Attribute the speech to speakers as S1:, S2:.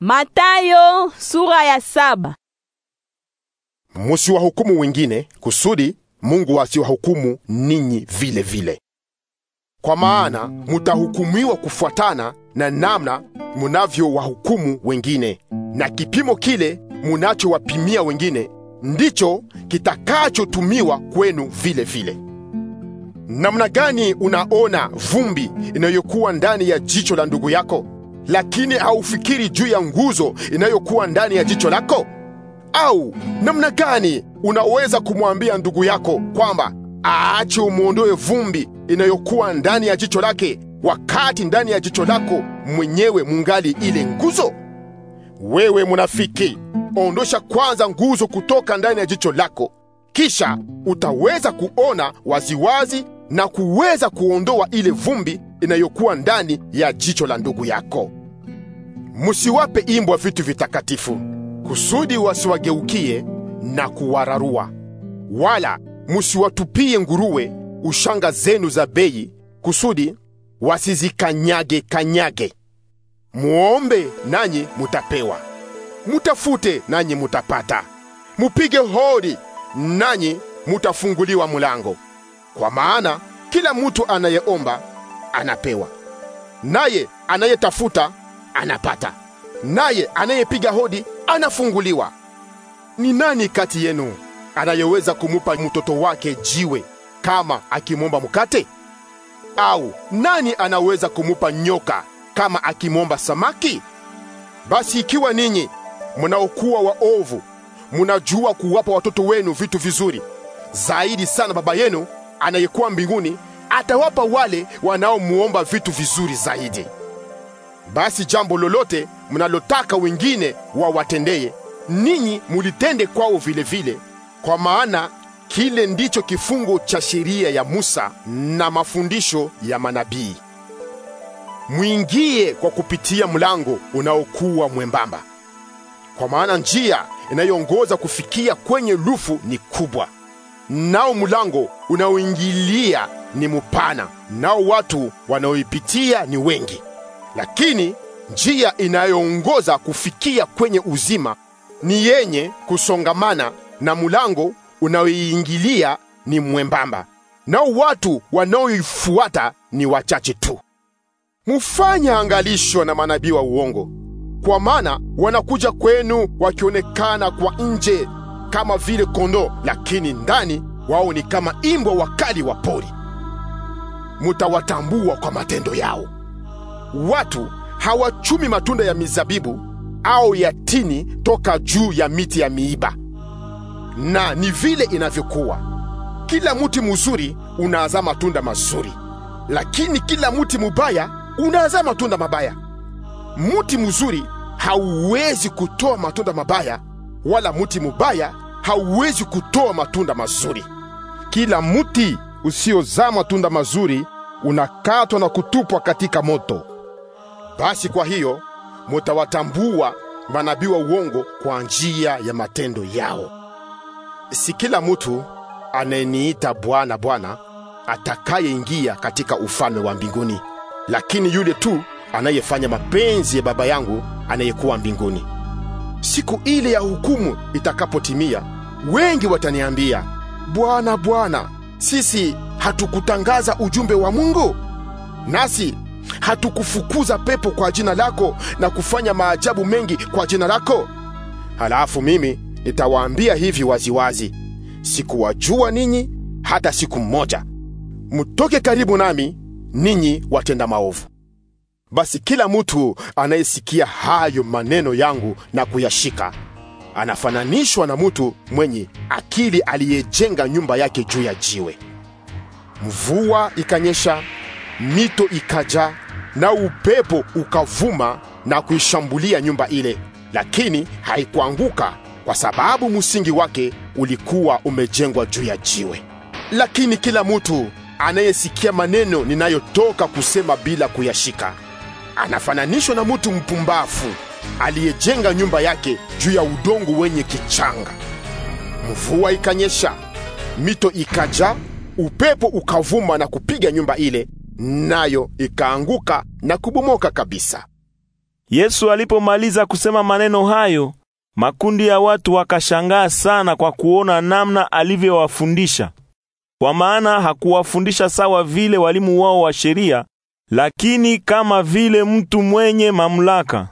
S1: Matayo sura ya saba. Musiwahukumu wengine kusudi Mungu asiwahukumu ninyi vile vile. Kwa maana mutahukumiwa kufuatana na namna munavyowahukumu wengine, na kipimo kile munachowapimia wengine ndicho kitakachotumiwa kwenu vile vile. Namna gani unaona vumbi inayokuwa ndani ya jicho la ndugu yako lakini haufikiri juu ya nguzo inayokuwa ndani ya jicho lako? Au namna gani unaweza kumwambia ndugu yako kwamba aache umwondoe vumbi inayokuwa ndani ya jicho lake, wakati ndani ya jicho lako mwenyewe mungali ile nguzo? Wewe munafiki, ondosha kwanza nguzo kutoka ndani ya jicho lako, kisha utaweza kuona waziwazi na kuweza kuondoa ile vumbi inayokuwa ndani ya jicho la ndugu yako. Musiwape imbwa vitu vitakatifu, kusudi wasiwageukie na kuwararua, wala musiwatupie nguruwe ushanga zenu za bei, kusudi wasizikanyage kanyage. Muombe nanyi mutapewa, mutafute nanyi mutapata, mupige hodi nanyi mutafunguliwa mulango. Kwa maana kila mutu anayeomba anapewa, naye anayetafuta anapata, naye anayepiga hodi anafunguliwa. Ni nani kati yenu anayeweza kumupa mtoto wake jiwe kama akimwomba mkate? Au nani anaweza kumupa nyoka kama akimwomba samaki? Basi ikiwa ninyi mnaokuwa waovu munajua kuwapa watoto wenu vitu vizuri, zaidi sana Baba yenu anayekuwa mbinguni atawapa wale wanaomuomba vitu vizuri zaidi. Basi jambo lolote mnalotaka wengine wawatendeye, ninyi mulitende kwao vilevile vile. Kwa maana kile ndicho kifungo cha sheria ya Musa na mafundisho ya manabii. Mwingie kwa kupitia mlango unaokuwa mwembamba, kwa maana njia inayoongoza kufikia kwenye lufu ni kubwa, nao mlango unaoingilia ni mupana, nao watu wanaoipitia ni wengi lakini njia inayoongoza kufikia kwenye uzima ni yenye kusongamana na mlango unaoiingilia ni mwembamba, nao watu wanaoifuata ni wachache tu. Mufanye angalisho na manabii wa uongo, kwa maana wanakuja kwenu wakionekana kwa nje kama vile kondoo, lakini ndani wao ni kama imbwa wakali wa pori. Mutawatambua kwa matendo yao. Watu hawachumi matunda ya mizabibu au ya tini toka juu ya miti ya miiba. Na ni vile inavyokuwa, kila mti mzuri unazaa matunda mazuri, lakini kila mti mubaya unazaa matunda mabaya. Mti mzuri hauwezi kutoa matunda mabaya, wala mti mubaya hauwezi kutoa matunda mazuri. Kila mti usiozaa matunda mazuri unakatwa na kutupwa katika moto. Basi kwa hiyo mutawatambua manabii wa uongo kwa njia ya matendo yao. Si kila mutu anayeniita Bwana, Bwana atakayeingia katika ufalme wa mbinguni, lakini yule tu anayefanya mapenzi ya Baba yangu anayekuwa mbinguni. Siku ile ya hukumu itakapotimia, wengi wataniambia, Bwana, Bwana, sisi hatukutangaza ujumbe wa Mungu? Nasi hatukufukuza pepo kwa jina lako na kufanya maajabu mengi kwa jina lako? Halafu mimi nitawaambia hivi waziwazi, sikuwajua ninyi hata siku mmoja. Mtoke karibu nami, ninyi watenda maovu. Basi kila mtu anayesikia hayo maneno yangu na kuyashika anafananishwa na mtu mwenye akili aliyejenga nyumba yake juu ya jiwe. Mvua ikanyesha, mito ikajaa na upepo ukavuma na kuishambulia nyumba ile, lakini haikuanguka kwa sababu msingi wake ulikuwa umejengwa juu ya jiwe. Lakini kila mtu anayesikia maneno ninayotoka kusema bila kuyashika anafananishwa na mtu mpumbafu aliyejenga nyumba yake juu ya udongo wenye kichanga. Mvua ikanyesha, mito ikajaa, upepo ukavuma na kupiga nyumba ile, nayo ikaanguka na kubomoka kabisa. Yesu alipomaliza kusema maneno hayo, makundi ya watu wakashangaa sana kwa kuona namna alivyowafundisha, kwa maana hakuwafundisha sawa vile walimu wao wa sheria, lakini kama vile mtu mwenye mamlaka.